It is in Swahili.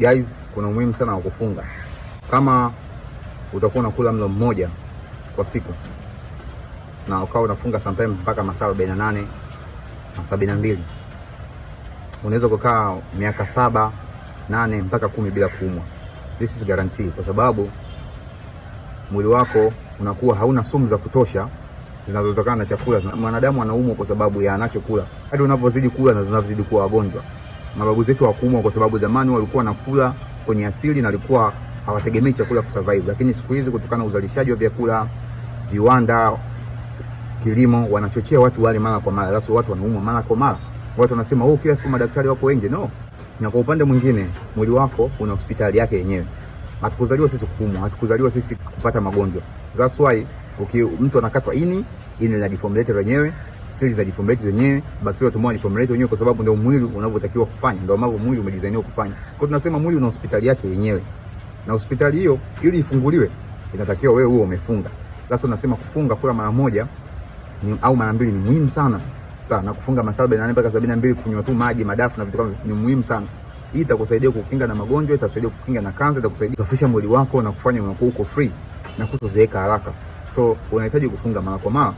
Guys, kuna umuhimu sana wa kufunga. Kama utakuwa unakula mlo mmoja kwa siku na ukawa unafunga sometime mpaka masaa 48 na 72, unaweza kukaa miaka saba nane mpaka kumi bila kuumwa. This is guarantee, kwa sababu mwili wako unakuwa hauna sumu za kutosha zinazotokana na chakula. Mwanadamu anaumwa kwa sababu ya anachokula, hadi unapozidi kula na zinazozidi kuwa wagonjwa mababu zetu wakumwa, kwa sababu zamani walikuwa nakula kwenye asili na walikuwa hawategemei chakula kusurvive, lakini siku hizi kutokana na uzalishaji wa vyakula, viwanda, kilimo, wanachochea watu wale mara kwa mara, hasa watu wanaumwa mara kwa mara. Watu wanasema oh, kila siku madaktari wako wengi. No, na kwa upande mwingine mwili wako una hospitali yake yenyewe. Hatukuzaliwa sisi kuumwa, hatukuzaliwa sisi kupata magonjwa. That's why okay, mtu anakatwa ini ini la linajifomulate lenyewe seli za jiformulate zenyewe, bakteria tumewa jiformulate wenyewe, kwa sababu ndio mwili unavyotakiwa kufanya, ndio ambavyo mwili umedizainiwa kufanya. Kwa tunasema mwili una hospitali yake yenyewe, na hospitali hiyo ili ifunguliwe inatakiwa wewe uwe umefunga. Sasa unasema kufunga kula mara moja ni, au mara mbili ni muhimu sana sana. Kufunga masaa 48 mpaka 72, kunywa tu maji madafu na vitu kama ni muhimu sana. Hii itakusaidia kukinga na magonjwa, itasaidia kukinga na kansa, itakusaidia kusafisha mwili wako na kufanya unakuwa uko free na kutozeeka haraka. So unahitaji kufunga mara kwa mara.